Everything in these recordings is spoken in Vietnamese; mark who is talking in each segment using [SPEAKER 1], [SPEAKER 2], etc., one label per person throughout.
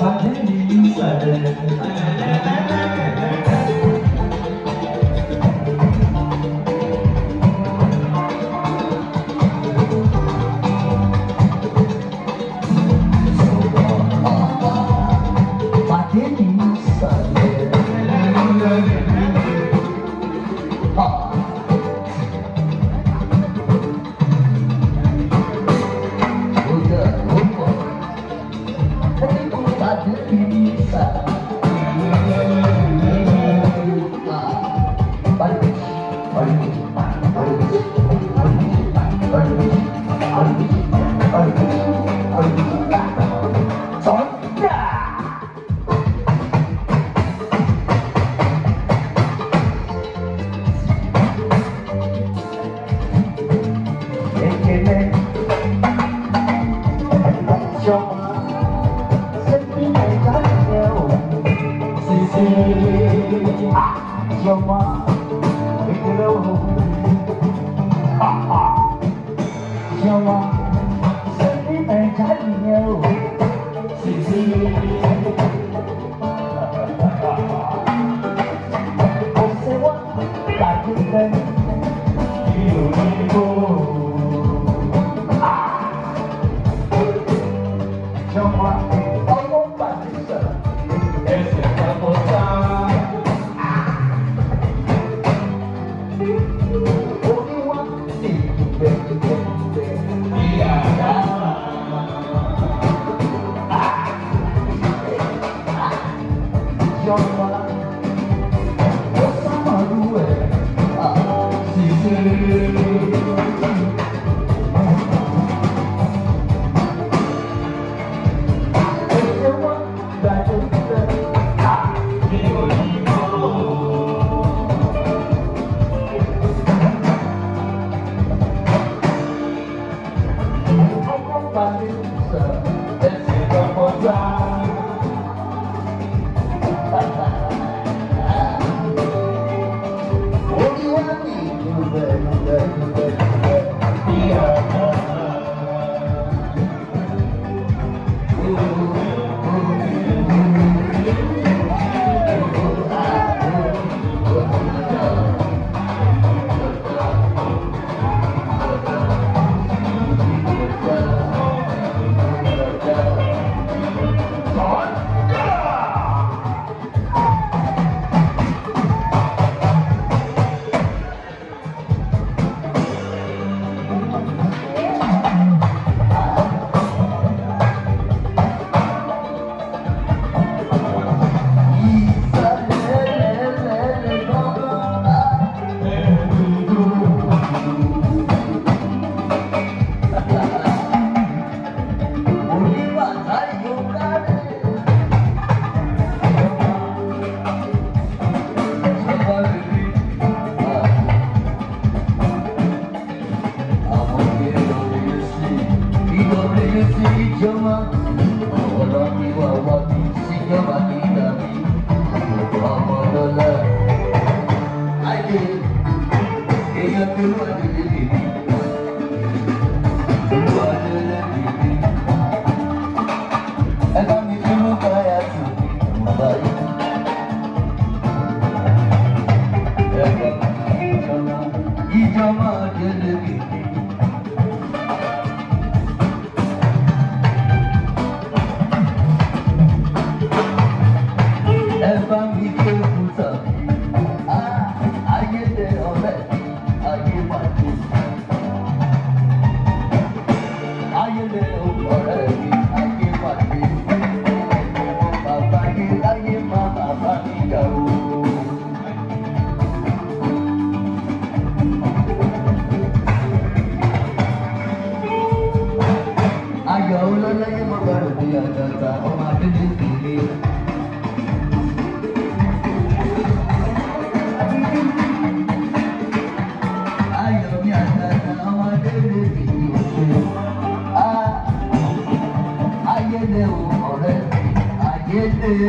[SPEAKER 1] I didn't đâu quá đi từ đâu chiều là sẽ biết này trái nhiều xì xì Hãy subscribe cho kênh Ghiền Mì Gõ Để không bỏ lỡ những video hấp dẫn Paris, that's it, I'm dàgbà ọmọ abẹ́lé kéré. ayọ̀ mi àdàgbà ọmọ abẹ́lé kéré òṣè. Ah, ayẹlẹ o ọ̀rẹ́ ayẹlẹ.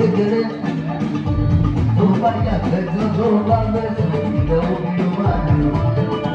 [SPEAKER 1] kékeré tó bá yàgbẹ́ tó tó bá bẹ́sẹ̀ ìdánwò bí ó